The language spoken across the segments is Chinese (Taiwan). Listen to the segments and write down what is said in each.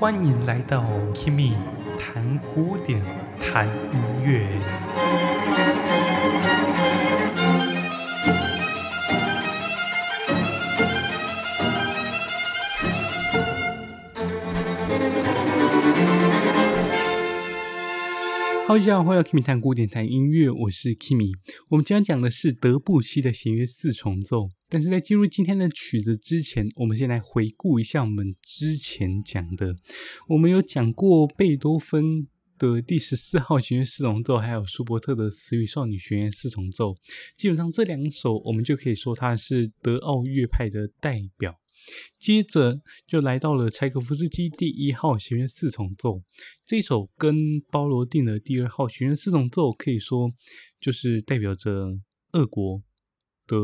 歡迎來到 Kimi 談古典，談音樂。大家好，歡迎來到 Kimi 談古典談音樂，我是 Kimi。我們今天講的是德布西的弦樂四重奏。但是在進入今天的曲子之前，我們先來回顧一下我們之前講的。我們有講過貝多芬的第十四號弦樂四重奏，還有舒伯特的《死與少女》弦樂四重奏。基本上這兩首，我們就可以說它是德奧樂派的代表。接着就來到了柴可夫斯基第一號弦樂四重奏，這首跟鮑羅定的第二號弦樂四重奏，可以說就是代表着俄國的。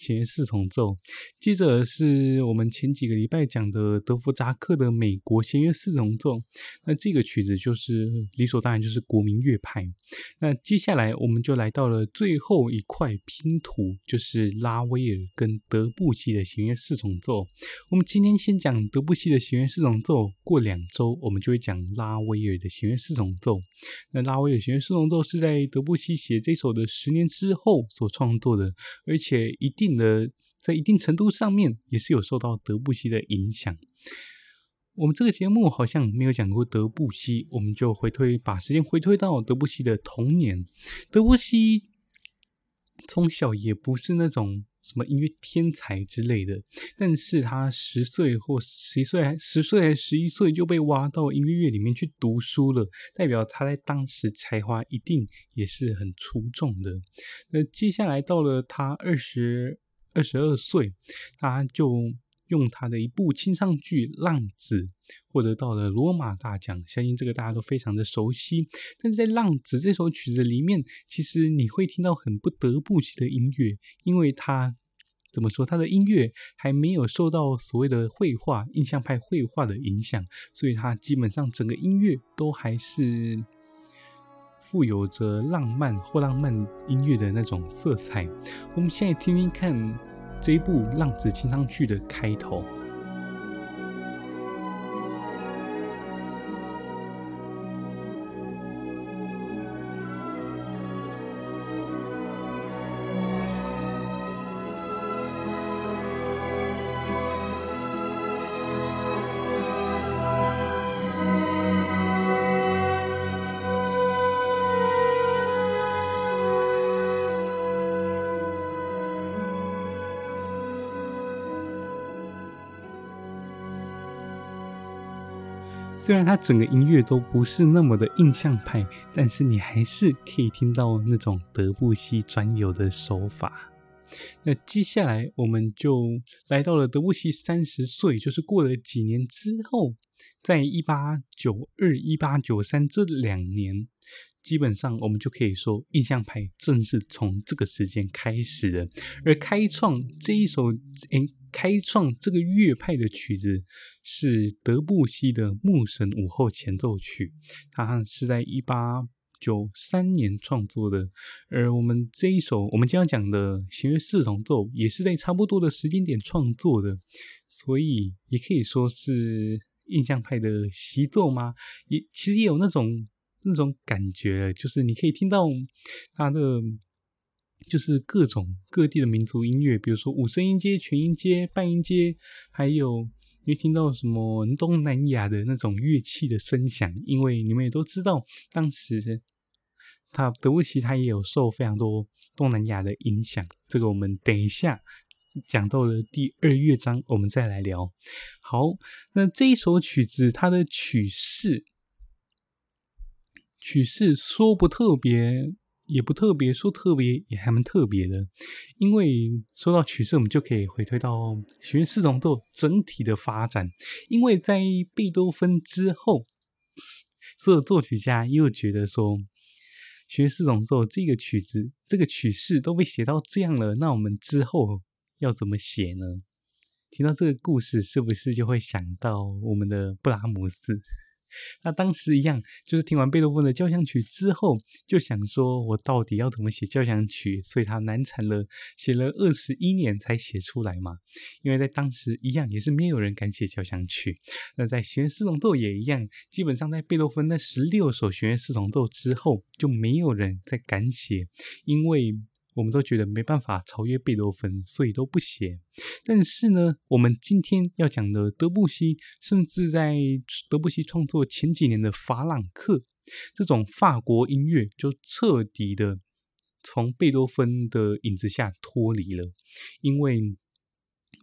弦樂四重奏，接着是我們前幾個禮拜講的德弗札克的美國弦樂四重奏。那這個曲子就是理所當然，就是國民樂派。那接下來我們就來到了最後一塊拼圖，就是拉威爾跟德布西的弦樂四重奏。我們今天先講德布西的弦樂四重奏，過兩周我們就會講拉威爾的弦樂四重奏。那拉威爾弦樂四重奏是在德布西寫這首的十年之後所創作的，而且一定。的在一定程度上面也是有受到德布西的影響。我們這個節目好像沒有講過德布西，我們就回退，把時間回退到德布西的童年。德布西從小也不是那種。什麼音樂天才之類的，但是他十歲或十一歲，還十歲還十一歲就被挖到音樂院裡面去讀書了，代表他在當時才華一定也是很出眾的。那接下來到了他二十二十二歲，他就用他的一部清唱劇《浪子》獲得到了羅馬大獎，相信這個大家都非常的熟悉。但是在《浪子》這首曲子裡面，其實你會聽到很不得不提的音樂，因為他。怎麼說？他的音樂還沒有受到所謂的繪畫、印象派繪畫的影響，所以他基本上整個音樂都還是富有着浪漫或浪漫音樂的那種色彩。我們現在聽聽看這一部《浪子》清唱劇的開頭。雖然他整個音樂都不是那麼的印象派，但是你還是可以聽到那種德布西專有的手法。那接下來我們就來到了德布西三十歲，就是過了幾年之後，在一八九二、一八九三這兩年，基本上我們就可以說印象派正是從這個時間開始的，而開創這一首誒。欸開創這個樂派的曲子是德布西的《牧神午後前奏曲》，它是在一八九三年創作的。而我們這一首我們經常講的弦樂四重奏也是在差不多的時間點創作的，所以也可以說是印象派的習作嗎？也其實也有那種那種感覺，就是你可以聽到它的。就是各種各地的民族音樂，比如說五聲音階、全音階、半音階，還有你會聽到什麼東南亞的那種樂器的聲響。因為你們也都知道，當時他德布西他也有受非常多東南亞的影響。這個我們等一下講到了第二樂章，我們再來聊。好，那這一首曲子它的曲式，曲式說不特別。也不特別，說特別也還蠻特別的。因為說到曲式，我們就可以回推到弦樂四重奏整體的發展。因為在貝多芬之後，所有作曲家又覺得說，弦樂四重奏這個曲子、這個曲式都被寫到這樣了，那我們之後要怎麼寫呢？聽到這個故事，是不是就會想到我們的布拉姆斯？那當時一樣，就是聽完貝多芬的交響曲之後，就想說，我到底要怎麼寫交響曲？所以他難產了，寫了二十一年才寫出來嘛。因為在當時一樣，也是沒有人敢寫交響曲。那在弦樂四重奏也一樣，基本上在貝多芬那十六首弦樂四重奏之後，就沒有人再敢寫，因為。我們都覺得沒辦法超越貝多芬，所以都不寫。但是呢，我們今天要講的德布西，甚至在德布西創作前幾年的法朗克，這種法國音樂就徹底的從貝多芬的影子下脫離了，因為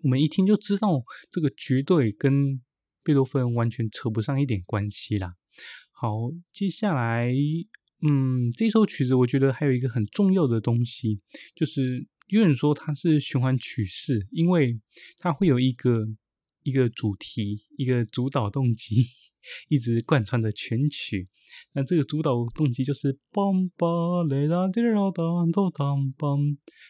我們一聽就知道這個絕對跟貝多芬完全扯不上一點關係啦。好，接下來。嗯，這首曲子我覺得還有一個很重要的東西，就是有人說它是循環曲式，因為它會有一個一個主題，一個主導動機。一直貫穿着全曲，那這個主導動機就是，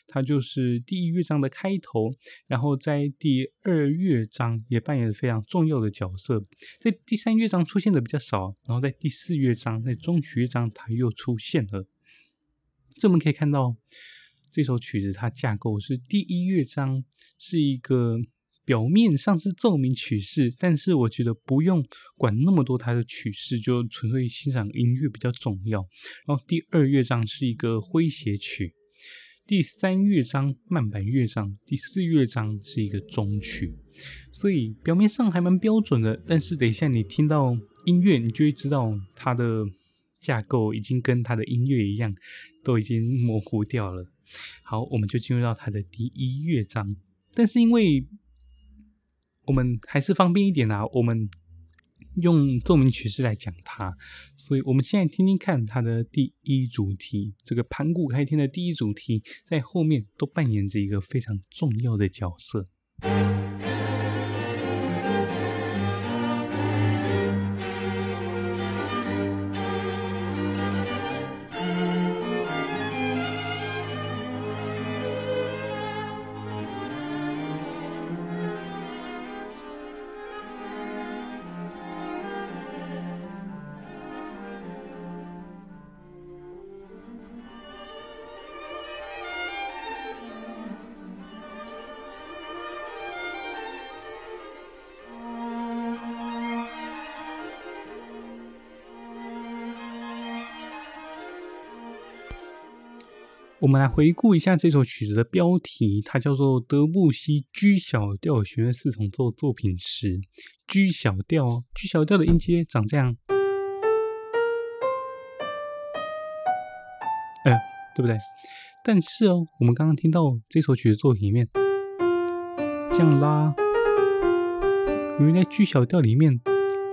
它就是第一樂章的開頭，然後在第二樂章也扮演非常重要的角色，在第三樂章出現的比較少，然後在第四樂章在終曲樂章它又出現了。這我們可以看到這首曲子它架構是第一樂章是一個。表面上是奏鳴曲式，但是我覺得不用管那麼多，它的曲式就純粹欣賞音樂比較重要。然後第二樂章是一個詼諧曲，第三樂章慢板樂章，第四樂章是一個終曲。所以表面上還蠻標準的，但是等一下你聽到音樂，你就會知道它的架構已經跟它的音樂一樣，都已經模糊掉了。好，我們就進入到它的第一樂章，但是因為我們還是方便一點啊，我們用奏鳴曲式來講它，所以我們現在聽聽看它的第一主題，這個盤古開天的第一主題，在後面都扮演着一個非常重要的角色。我們來回顧一下這首曲子的標題，它叫做德布西 G 小調弦樂四重奏作品十。G 小調，G 小調的音階長這樣，哎、呃，對不對？但是哦，我們剛剛聽到這首曲子作品裡面這樣拉，因為在 G 小調裡面。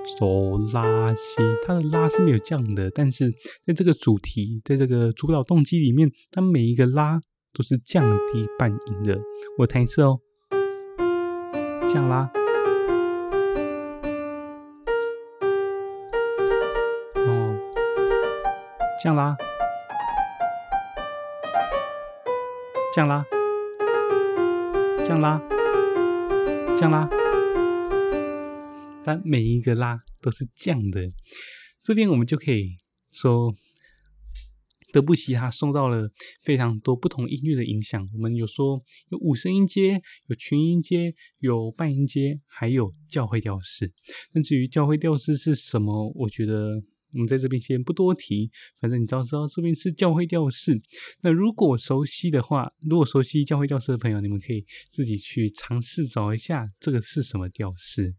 索拉西，它的拉是沒有降的，但是在這個主題，在這個主導動機裡面，它每一個拉都是降低半音的。我彈一次哦，降拉，哦，降拉，降拉，降拉，降拉。降拉降拉但每一個拉都是這樣的，這邊我們就可以說，德布西他受到了非常多不同音樂的影響。我們有說有五聲音階，有全音階，有半音階，還有教會調式。那至於教會調式是什麼？我覺得。我們在這邊先不多提，反正你只要知道這邊是教會調式。那如果熟悉的話，如果熟悉教會調式的朋友，你們可以自己去嘗試找一下這個是什麼調式？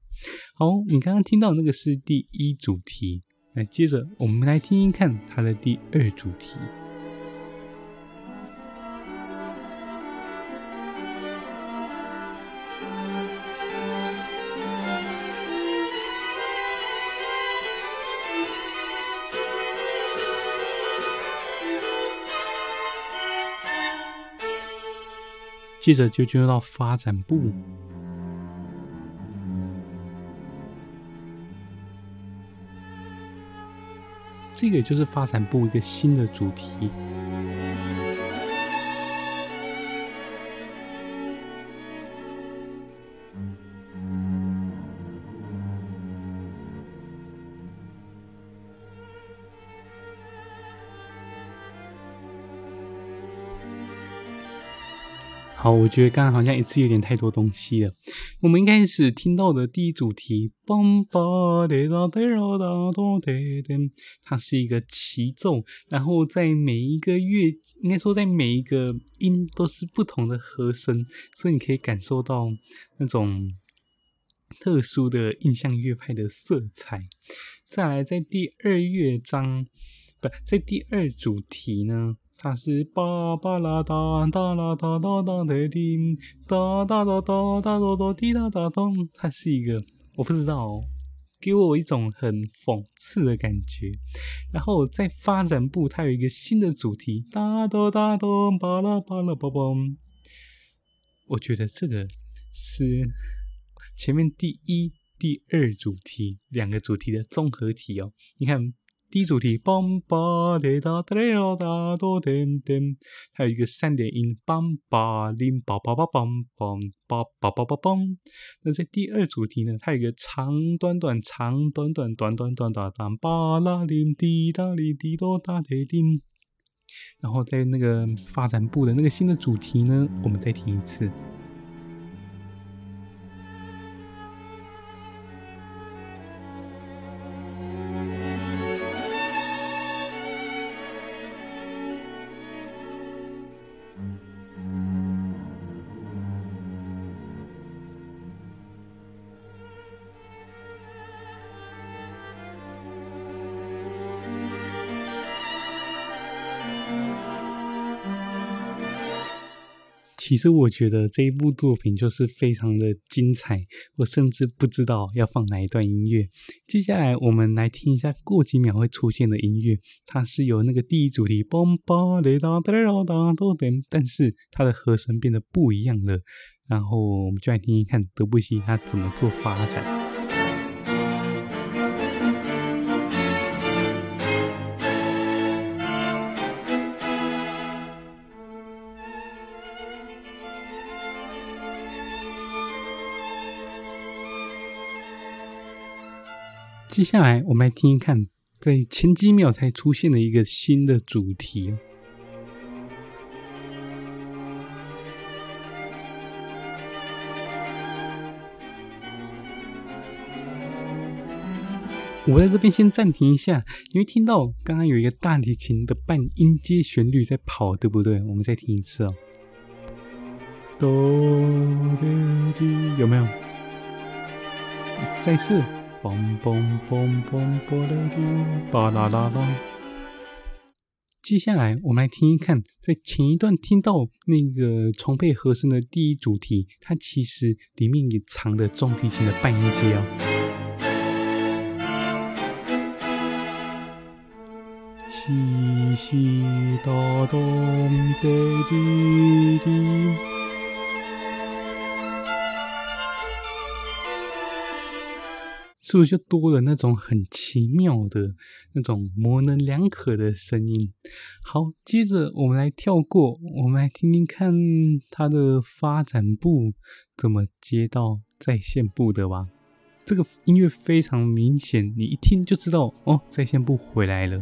好，你剛剛聽到那個是第一主題，那接着我們來聽聽看它的第二主題。接着就進入到發展部，這個就是發展部一個新的主題。好，我覺得剛剛好像一次有點太多東西了。我們一開始聽到的第一主題，它是一個齊奏，然後在每一個樂，應該說在每一個音都是不同的和聲，所以你可以感受到那種特殊的印象樂派的色彩。再來，在第二樂章，不，在第二主題呢？他是巴巴拉噠噠啦噠噠噠的叮，噠噠噠噠噠噠噠滴噠噠咚，他是一個我不知道，哦，給我一種很諷刺的感覺。然後在發展部，他有一個新的主題噠噠噠噠巴拉巴拉嘣。我覺得這個是前面第一、第二主題兩個主題的綜合體哦，你看。第一主題邦邦滴答滴答答，多點點，還有一個三點音，邦邦邦邦邦邦邦邦邦邦邦邦邦邦。那在第二主題呢，它有一個長短短長短短短短短短，巴拉丁滴答滴滴答滴滴。然後在那個發展部的那個新的主題呢，我們再聽一次。其實我覺得這一部作品就是非常的精彩，我甚至不知道要放哪一段音樂。接下來我們來聽一下過幾秒會出現的音樂，它是由那個第一主題，蹦蹦，但是它的和聲變得不一樣了。然後我們就來聽聽看德布西他怎麼做發展。接下來我們來聽一看，在前幾秒才出現了一個新的主題。我在這邊先暫停一下，因為聽到剛剛有一個大提琴的半音階旋律在跑，對不對？我們再聽一次哦、喔，有沒有？再一次。嘣嘣嘣嘣啵啦啵，噠啦啦。噠。接下來我們來聽一看，在前一段聽到那個重配和聲的第一主題，它其實裡面也藏着中提琴的半音階啊、哦。西西噠噠噠滴滴。 是不是就多了那種很奇妙的那種模棱兩可的聲音？好，接着我們來跳過，我們來聽聽看它的發展部怎麼接到再現部的吧。這個音樂非常明顯，你一聽就知道，哦，再現部回來了。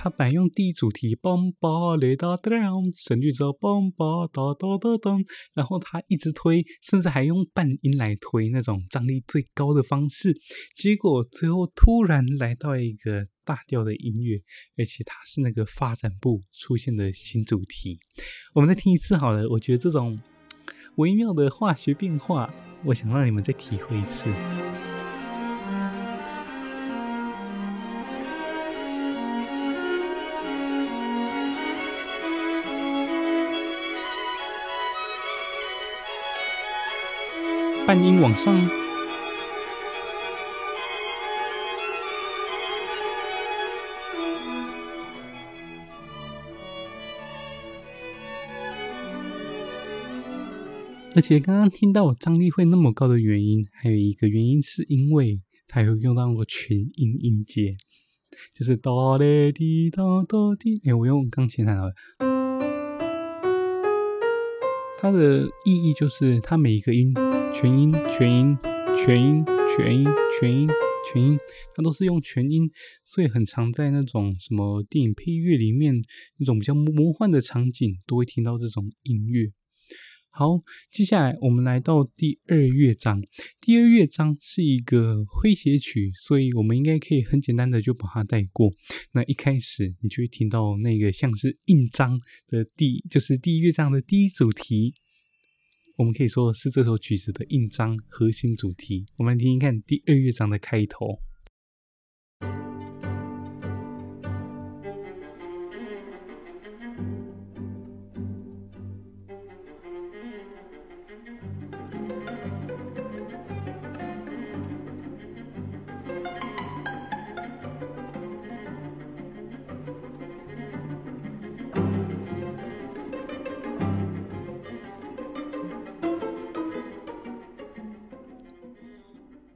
他本用第一主題嘣波雷噠噠，然後他一直推，甚至還用半音來推那種張力最高的方式，結果最後突然來到一個大調的音樂，而且它是那個發展部出現的新主題。我們再聽一次好了，我覺得這種微妙的化學變化，我想讓你們再體會一次。半音往上，而且剛剛聽到我張力會那麼高的原因，還有一個原因是因為它會用到我全音音階，就是哆來滴哆哆滴，誒，我用鋼琴彈好了。它的意義就是，它每一個音全音全音全音全音全音、全音、全音，全音，它都是用全音，所以很常在那種什麼電影配樂裡面，那種比較魔幻的場景都會聽到這種音樂。好，接下來我們來到第二樂章。第二樂章是一個詼諧曲，所以我們應該可以很簡單的就把它帶過。那一開始，你就會聽到那個像是印章的第，就是第一樂章的第一主題，我們可以說是這首曲子的印章核心主題。我們來聽聽看第二樂章的開頭。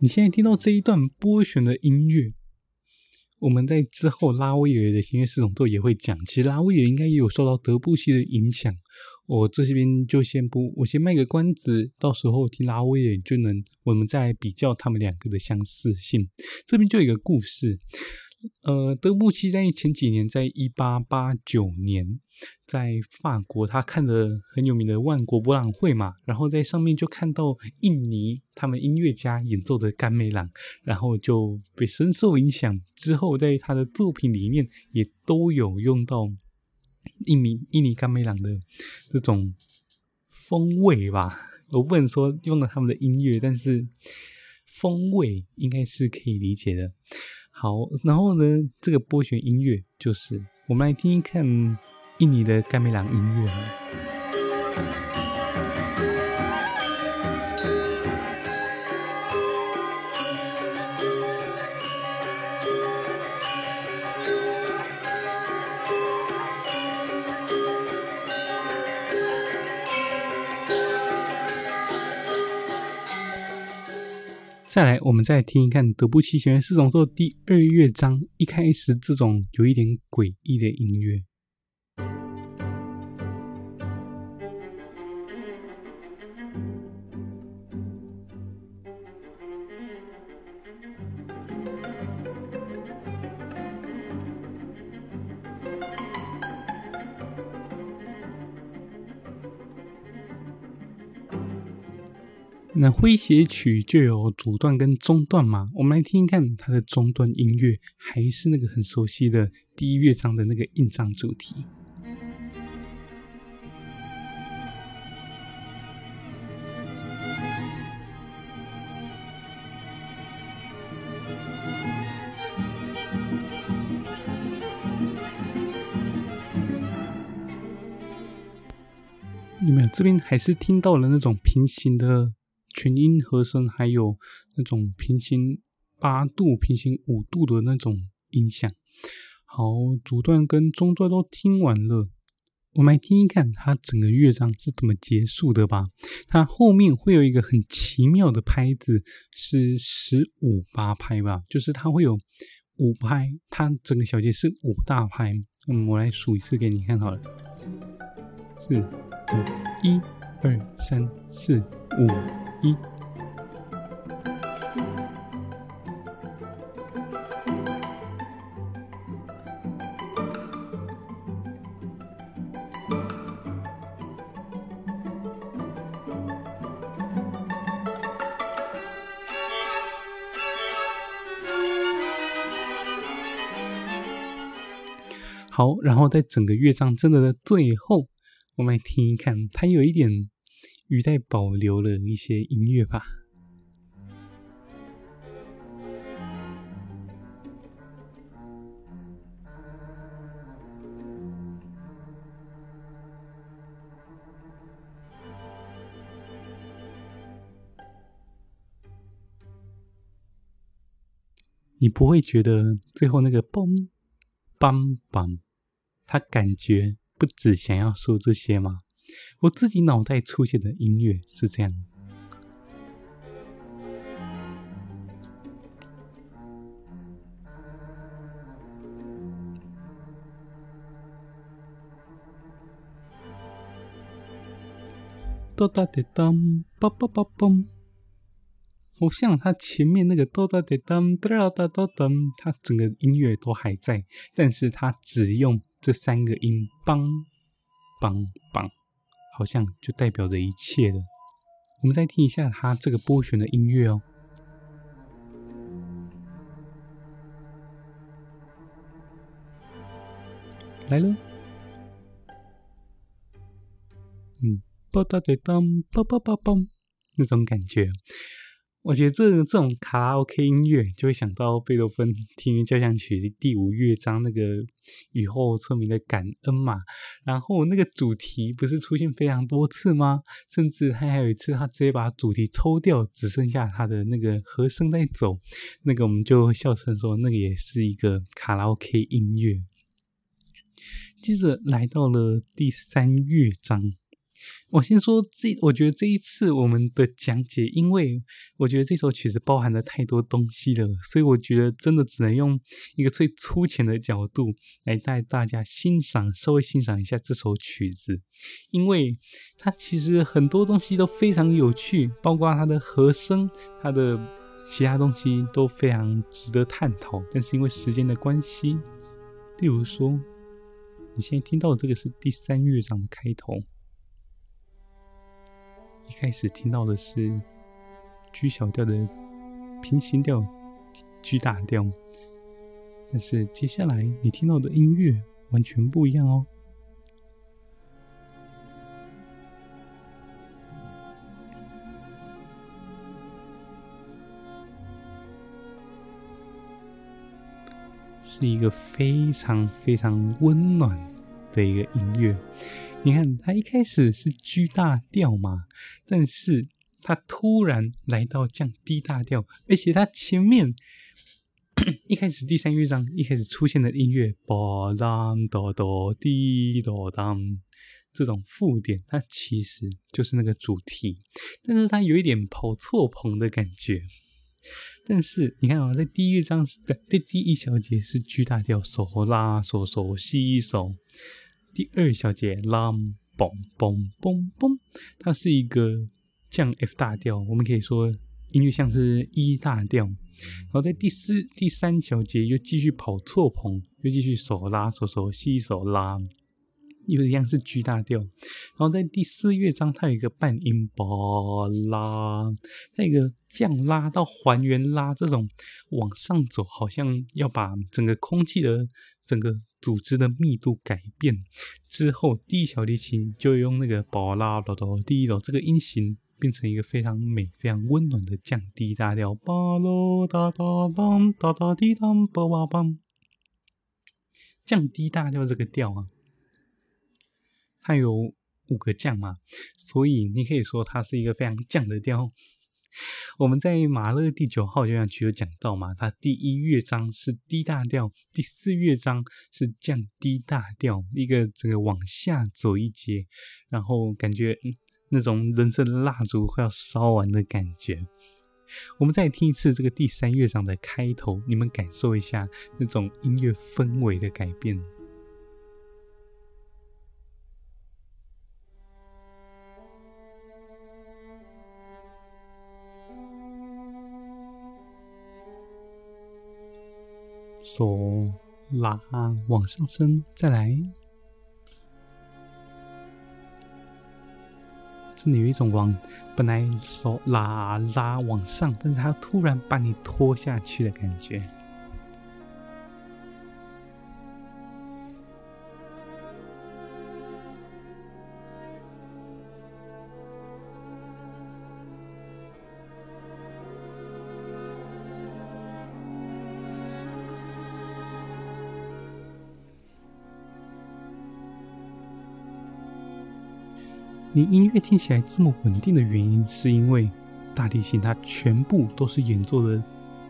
你現在聽到這一段撥弦的音樂，我們在之後拉威爾的弦樂四重奏也會講，其實拉威爾應該也有受到德布西的影響。我這邊就先不，我先賣個關子，到時候聽拉威爾就能，我們再來比較他們兩個的相似性。這邊就有一個故事。呃，德布西在前幾年，在一八八九年，在法國，他看了很有名的萬國博覽會嘛，然後在上面就看到印尼他們音樂家演奏的甘美朗，然後就被深受影響。之後在他的作品裡面也都有用到印尼印尼甘美朗的這種風味吧？我不能說用了他們的音樂，但是風味應該是可以理解的。好，然後呢，這個撥弦音樂就是，我們來聽一看印尼的甘美朗音樂。再來，我們再聽一看德布西《弦樂四重奏》第二樂章一開始這種有一點詭異的音樂。那詼諧曲就有主段跟中段嘛，我們來聽一看它的中段音樂，還是那個很熟悉的第一樂章的那個印象主題。你們這邊還是聽到了那種平行的。全音和聲，還有那種平行八度、平行五度的那種音響。好，主段跟中段都聽完了，我們來聽一看它整個樂章是怎麼結束的吧。它後面會有一個很奇妙的拍子，是十五八拍吧？就是它會有五拍，它整個小節是五大拍。嗯，我來數一次給你看好了：四、五、一、二、三、四、五。一，好，然後在整個樂章真的的最後，我們來聽一看，它有一點。語帶保留了一些音樂吧。你不會覺得最後那個嘣、嘣、嘣，他感覺不只想要說這些嗎？我自己腦袋出現的音樂是這樣：噠噠噠當，梆梆梆梆。好像他前面那個噠噠噠當噠噠噠當，他整個音樂都還在，但是他只用這三個音：梆梆梆。好像就代表着一切了。我們再聽一下它這個撥弦的音樂哦，來嘍，嗯，噠噠噠噠，噠噠噠，那種感覺。我覺得這這種卡拉 OK 音樂，就會想到貝多芬《田園交響曲》第五樂章那個雨後村民的感恩嘛。然後那個主題不是出現非常多次嗎？甚至他還有一次，他直接把主題抽掉，只剩下他的那個和聲在走。那個我們就笑聲說，那個也是一個卡拉 OK 音樂。接着來到了第三樂章。我先說這，我覺得這一次我們的講解，因為我覺得這首曲子包含了太多東西了，所以我覺得真的只能用一個最粗淺的角度來帶大家欣賞，稍微欣賞一下這首曲子，因為它其實很多東西都非常有趣，包括它的和聲，它的其他東西都非常值得探討。但是因為時間的關係，例如說你現在聽到的這個是第三樂章的開頭。一開始聽到的是 G 小調的平行調 G 大調，但是接下來你聽到的音樂完全不一樣哦，是一個非常非常溫暖的一個音樂。你看，他一開始是 G 大調嘛，但是他突然來到降 D 大調，而且他前面 一開始第三樂章一開始出現的音樂 d 浪、哆哆 do 哆 o 這種附點它其實就是那個主題，但是它有一點跑錯棚的感覺。但是你看啊、哦，在第一樂章，的在第一小節是 G 大調，手拉手，手，手吸、手。第二小節，拉，嘣嘣嘣嘣，它是一個降 F 大調，我們可以說音樂像是 E 大調。然後在第四、第三小節又繼續跑錯棚，又繼續手拉手手吸手拉，又一樣是 G 大調。然後在第四樂章，它有一個半音波拉，它有一個降拉到還原拉，這種往上走，好像要把整個空氣的整個。組織的密度改變之後，第一小提琴就用那個巴拉哆哆、第一哆，這個音型變成一個非常美、非常溫暖的降 D 大調。巴羅噠噠啷噠噠滴巴拉叭棒，降 D 大調這個調啊，它有五個降嘛，所以你可以說它是一個非常降的調。我們在馬勒第九號交響曲有講到嘛，它第一樂章是 D 大調，第四樂章是降 D 大調，一個這個往下走一截，然後感覺那種人生的蠟燭快要燒完的感覺。我們再聽一次這個第三樂章的開頭，你們感受一下那種音樂氛圍的改變。手拉往上升，再來。這裡有一種往本來手拉拉往上，但是他突然把你拖下去的感覺。你音樂聽起來這麼穩定的原因，是因為大提琴它全部都是演奏的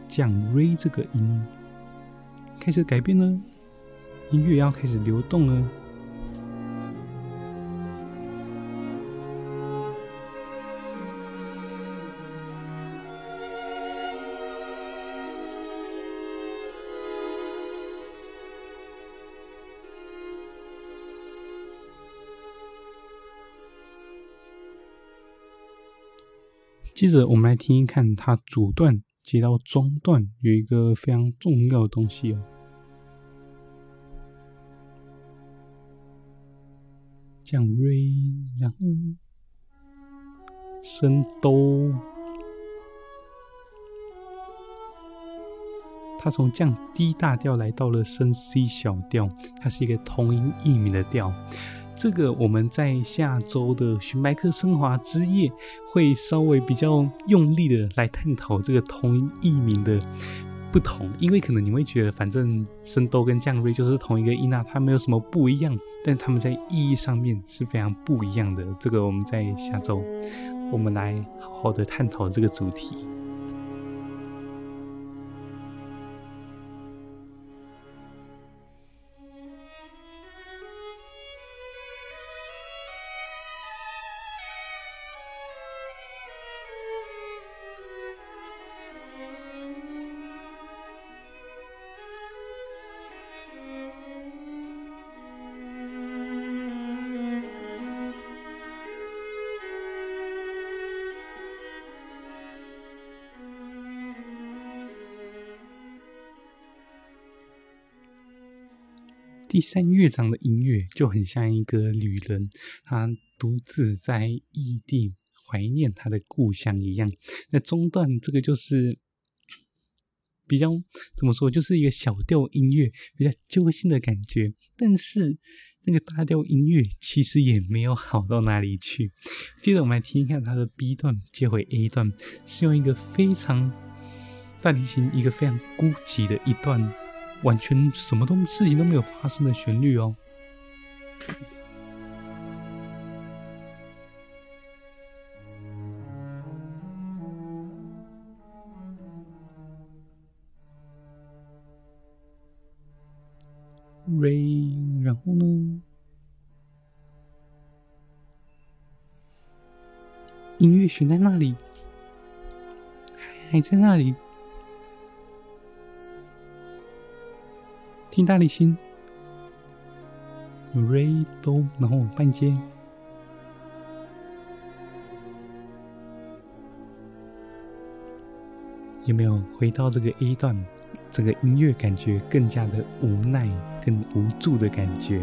降 Re 這個音，開始改變了，音樂要開始流動了。接着，我們來聽聽看，它主段接到中段有一個非常重要的東西哦，降瑞，然後升哆。o 它從降 d 大調來到了升 c 小調，它是一個同音異名的調。這個我們在下周的《荀白克昇華之夜》會稍微比較用力的來探討這個同音異名的不同，因為可能你會覺得反正升多跟降瑞就是同一個音啊，它沒有什麼不一樣，但他們在意義上面是非常不一樣的。這個我們在下周我們來好好的探討這個主題。第三樂章的音樂就很像一個旅人，他獨自在異地懷念他的故鄉一樣。那中段這個就是比較怎麼說，就是一個小調音樂，比較揪心的感覺。但是那個大調音樂其實也沒有好到哪裡去。接着我們來聽一下它的 B 段接回 A 段，是用一個非常大提琴一個非常孤寂的一段。完全什麼都事情都沒有發生的旋律哦，rain，然後呢，音樂懸在那裡，還還在那裡。聽大力心，Re Do，然後半間，有沒有回到這個 A 段，這個音樂感覺更加的無奈跟無助的感覺。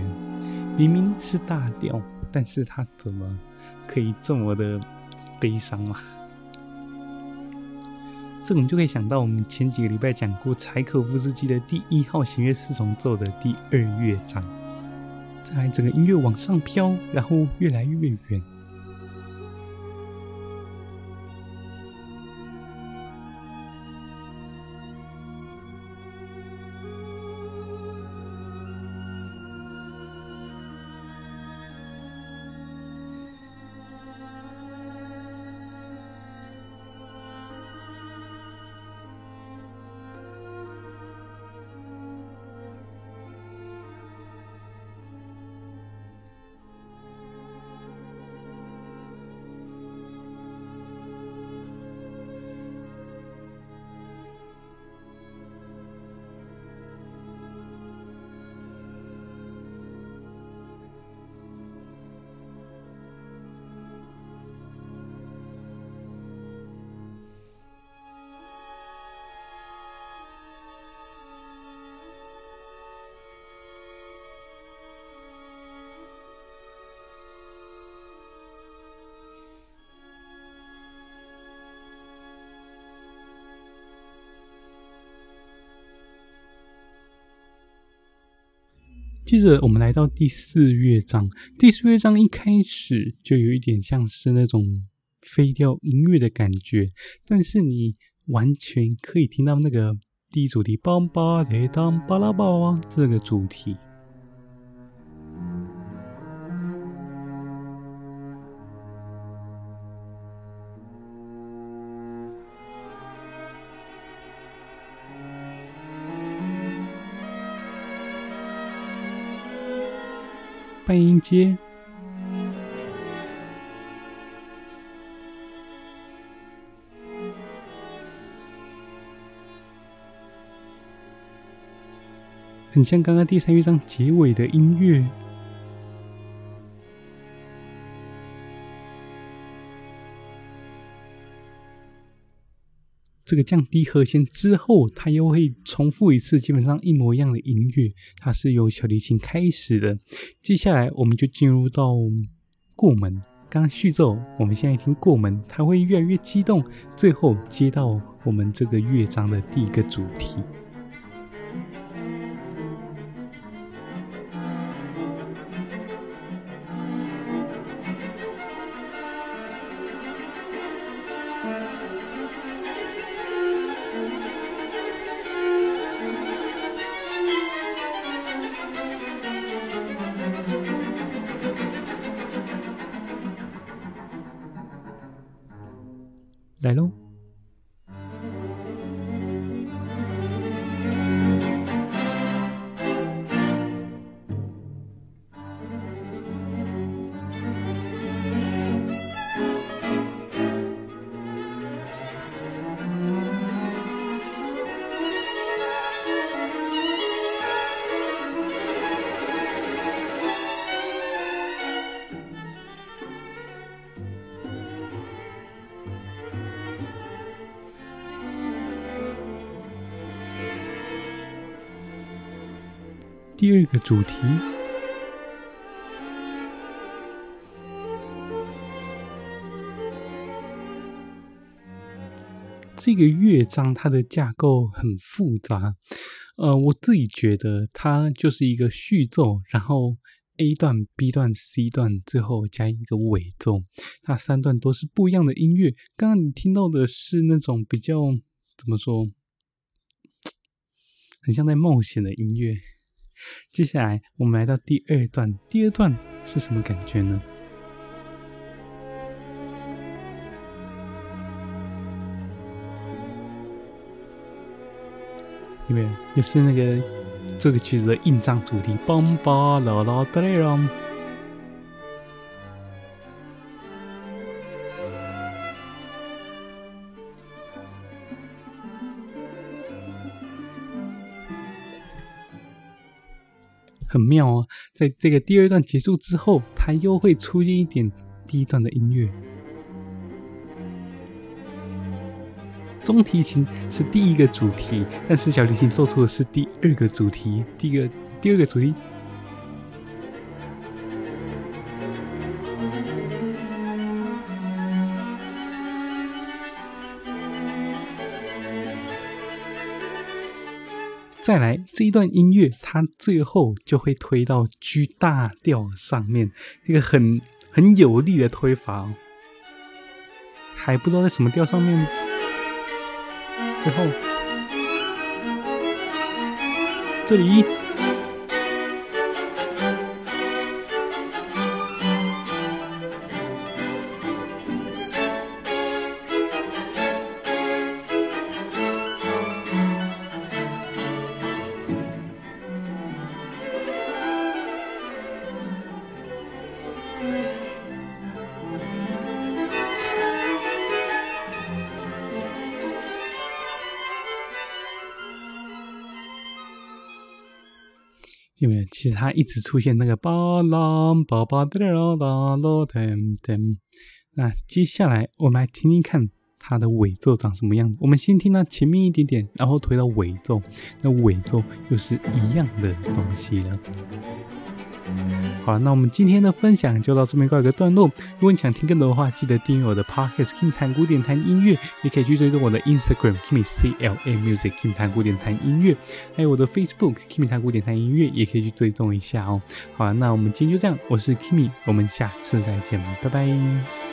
明明是大調，但是他怎麼可以這麼的悲傷啊？這種就可以想到，我們前幾個禮拜講過柴可夫斯基的第一號弦樂四重奏的第二樂章，在整個音樂往上飄，然後越來越遠。接着，我們來到第四樂章。第四樂章一開始就有一點像是那種非調音樂的感覺，但是你完全可以聽到那個第一主題，邦邦，雷當，巴拉巴，這個主題。半音階，很像剛剛第三樂章結尾的音樂。這個降低和弦之後，它又會重複一次，基本上一模一樣的音樂。它是由小提琴開始的，接下來我們就進入到過門。剛序奏，我們現在聽過門，它會越來越激動，最後接到我們這個樂章的第一個主題。第二個主題，這個樂章它的架構很複雜。呃，我自己覺得它就是一個序奏，然後 A 段、B 段、C 段，最後加一個尾奏。那三段都是不一樣的音樂。剛剛你聽到的是那種比較怎麼說，很像在冒險的音樂。接下來，我們來到第二段。第二段是什麼感覺呢？ 有沒有？也是那個這個曲子的印象主題，邦巴羅羅德雷很妙哦，在這個第二段結束之後，它又會出現一點第一段的音樂。中提琴是第一個主題，但是小提琴奏出的是第二個主題。第一個，第二個主題。再來這一段音樂，它最後就會推到 G 大調上面，一、那個很很有力的推法哦。還不知道在什麼調上面，最後這裡。對，其實它一直出現那個，那接下來我們來聽聽看它的尾奏長什麼樣子。我們先聽它前面一點點，然後推到尾奏，那尾奏又是一樣的東西了。好啦，那我們今天的分享就到這邊告一個段落。如果你想聽更多的話，記得訂閱我的 podcast Kimi 談古典彈音樂，也可以去追蹤我的 Instagram Kimi C L A Music Kimi 談古典彈音樂，還有我的 Facebook Kimi 彈古典彈音樂，也可以去追蹤一下哦、喔。好啦，那我們今天就這樣，我是 Kimi，我們下次再見，拜拜。